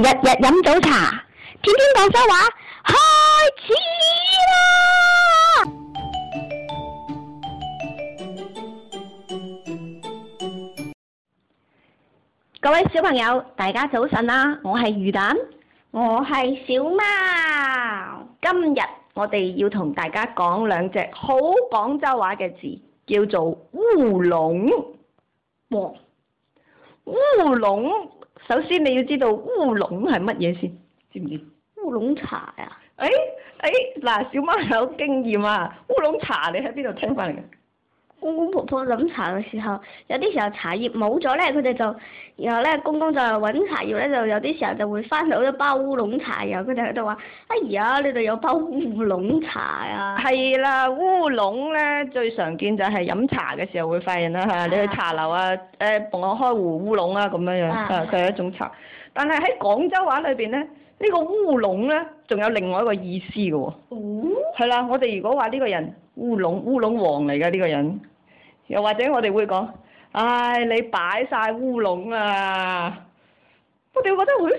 日日飲早茶，天天講廣州話，開始啦！各位小朋友，大家早晨啊！我係魚蛋，我係小貓。今日我哋要同大家講兩隻好廣州話嘅字，叫做烏龍，哇！烏龍。首先你要知道烏龍係乜嘢先，知唔知？烏龍茶啊。誒誒、欸，嗱、欸，小貓好經驗啊，烏龍茶你喺邊度聽翻嚟噶？公公婆婆飲茶嘅時候，有啲時候茶葉冇咗咧，佢哋就，然後咧公公就揾茶葉咧，就有啲時候就會翻到一包烏龍茶，然後佢哋喺度話，哎呀，你哋有包烏龍茶啊！係啦，烏龍咧最常見就係飲茶嘅時候會發現啦嚇，你去茶樓啊，誒、欸、幫我開壺烏龍啊咁樣樣，啊，佢係一種茶，但係喺廣州話裏邊咧，呢、呢個烏龍咧，仲有另外一個意思嘅喎，係啦、哦，我哋如果話呢個人。烏龍烏龍王嚟噶呢個人，又或者我哋會講，唉、哎，你擺晒烏龍啊！我哋解覺得會呢、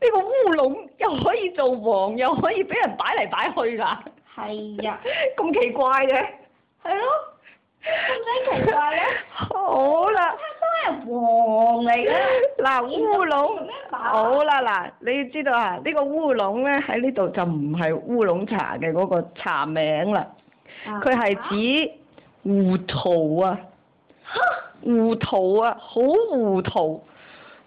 哎，呢個烏龍又可以做王，又可以俾人擺嚟擺去噶？係啊，咁 奇怪嘅，係咯， 有咩奇怪咧？好啦，真係王嚟 弄 啦。嗱烏龍，好啦嗱，你要知道啊，呢個、烏呢個烏龍咧喺呢度就唔係烏龍茶嘅嗰個茶名啦。佢係指糊塗啊，糊塗啊，好糊塗，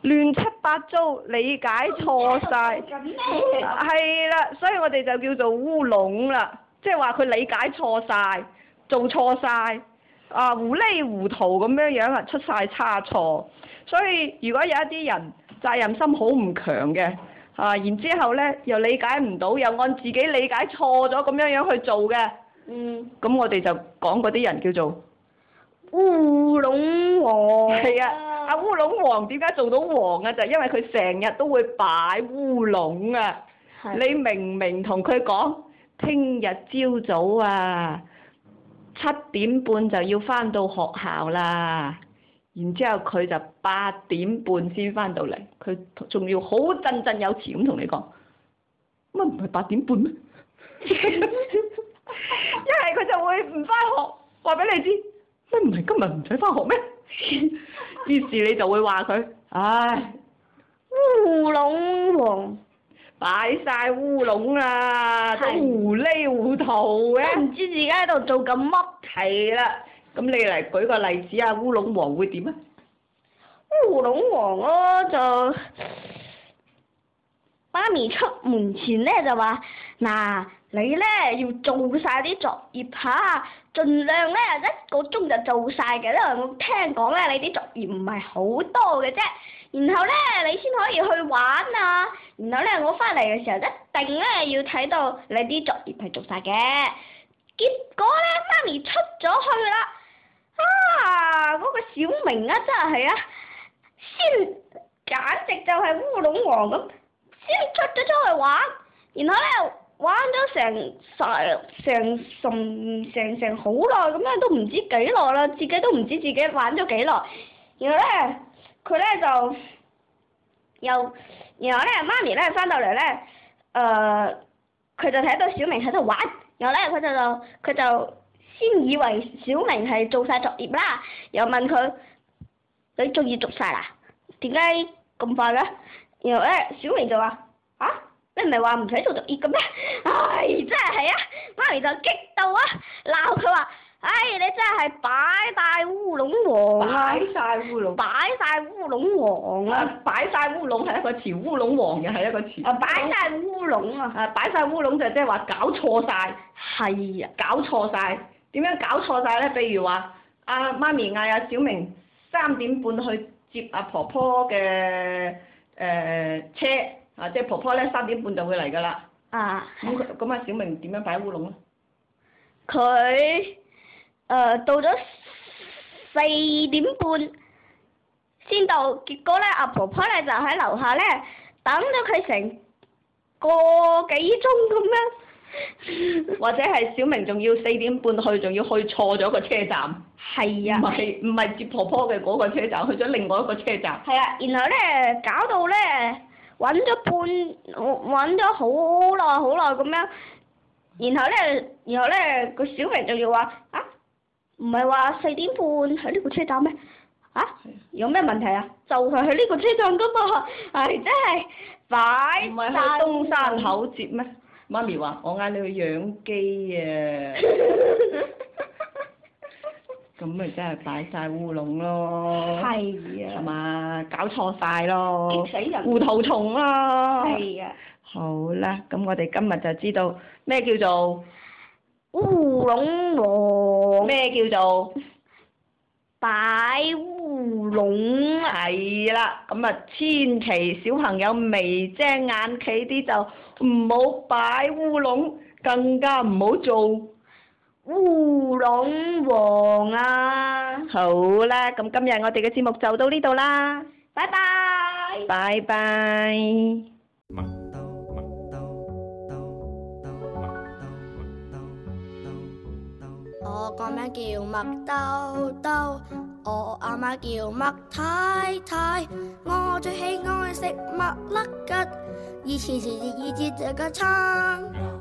亂七八糟，理解錯曬，係啦、 欸，所以我哋就叫做烏龍啦，即係話佢理解錯晒，做錯晒，啊糊哩糊塗咁樣樣啊，出晒差錯。所以如果有一啲人責任心好唔強嘅，啊，然之後咧又理解唔到，又按自己理解錯咗咁樣樣去做嘅。嗯，咁我哋就講嗰啲人叫做烏龍王，係啊，阿、啊、烏龍王點解做到王啊？就係、因為佢成日都會擺烏龍啊！的你明明同佢講，聽日朝早啊七點半就要翻到學校啦，然之後佢就八點半先翻到嚟，佢仲要好振振有詞咁同你講，乜唔係八點半咩？ 佢就會唔翻學，話俾你知。咩唔係今日唔使翻學咩？ 於是你就會話佢，唉，烏龍王擺晒烏龍啊，的都糊哩糊塗嘅，唔知而家喺度做緊乜題啦，咁你嚟舉個例子啊？烏龍王會點啊？烏龍王咯、啊、就～媽咪出門前咧就話：嗱，你咧要做晒啲作業哈，盡量咧一個鐘就做晒嘅。因為我聽講咧你啲作業唔係好多嘅啫，然後咧你先可以去玩啊。然後咧我翻嚟嘅時候一定咧要睇到你啲作業係做晒嘅。結果咧媽咪出咗去啦，啊，嗰個小明啊真係啊，先簡直就係烏龍王咁。出咗出去玩，然後咧玩咗成成成成成好耐咁樣，都唔知幾耐啦，自己都唔知自己玩咗幾耐。然後咧，佢咧就又然後咧，媽咪咧翻到嚟咧，誒，佢、呃、就睇到小明喺度玩，然後咧佢就就佢就先以為小明係做晒作業啦，又問佢你終於做晒啦？點解咁快嘅？然後咧，小明就話。啊！你唔係話唔使做作業嘅咩？唉、哎，真係係啊！媽咪就激到啊，鬧佢話：唉、哎，你真係擺晒烏龍王啊！擺晒烏龍，擺晒烏龍王啊！擺晒烏龍係一個詞，烏龍王又係一個詞。啊！擺晒烏龍啊！啊！擺晒烏龍就即係話搞錯晒，係啊！搞錯晒，點樣搞錯晒咧？譬如話阿媽咪嗌阿小明三點半去接阿、啊、婆婆嘅誒、呃、車。啊！即、就、係、是、婆婆咧，三點半就會嚟噶啦。啊！咁咁、嗯，阿小明點樣擺烏龍咧？佢，誒、呃、到咗四點半先到，結果咧，阿婆婆咧就喺樓下咧等咗佢成個幾鐘咁樣。 或者係小明仲要四點半去，仲要去錯咗個車站。係啊。唔係唔係接婆婆嘅嗰個車站，去咗另外一個車站。係啊，然後咧搞到咧。揾咗半，揾咗好耐好耐咁樣，然後咧，然後咧，個小明就要話，啊，唔係話四點半喺呢個車站咩？啊，的有咩問題啊？就係喺呢個車站噶嘛、啊，唉、啊，真係擺。唔係喺東山口接咩？媽咪話，我嗌你去養雞啊。咁咪真係擺晒烏龍咯，係呀啊，係嘛呀，搞錯晒咯，死人糊塗蟲咯，係啊。好啦，咁我哋今日就知道咩叫做烏龍喎、啊、咩叫做擺烏龍，係啦。咁啊，千祈小朋友眉精眼企啲就唔好擺烏龍，更加唔好做。烏龍王啊！好啦，咁今日我哋嘅節目就到呢度啦，拜拜。拜拜 bye。麥兜麥兜兜兜麥兜麥兜兜兜，兜兜兜兜兜兜兜我個名叫麥兜兜。我阿媽叫麥太太，我最喜愛食麥粒吉，以前時至以前食個餐。蜜蜜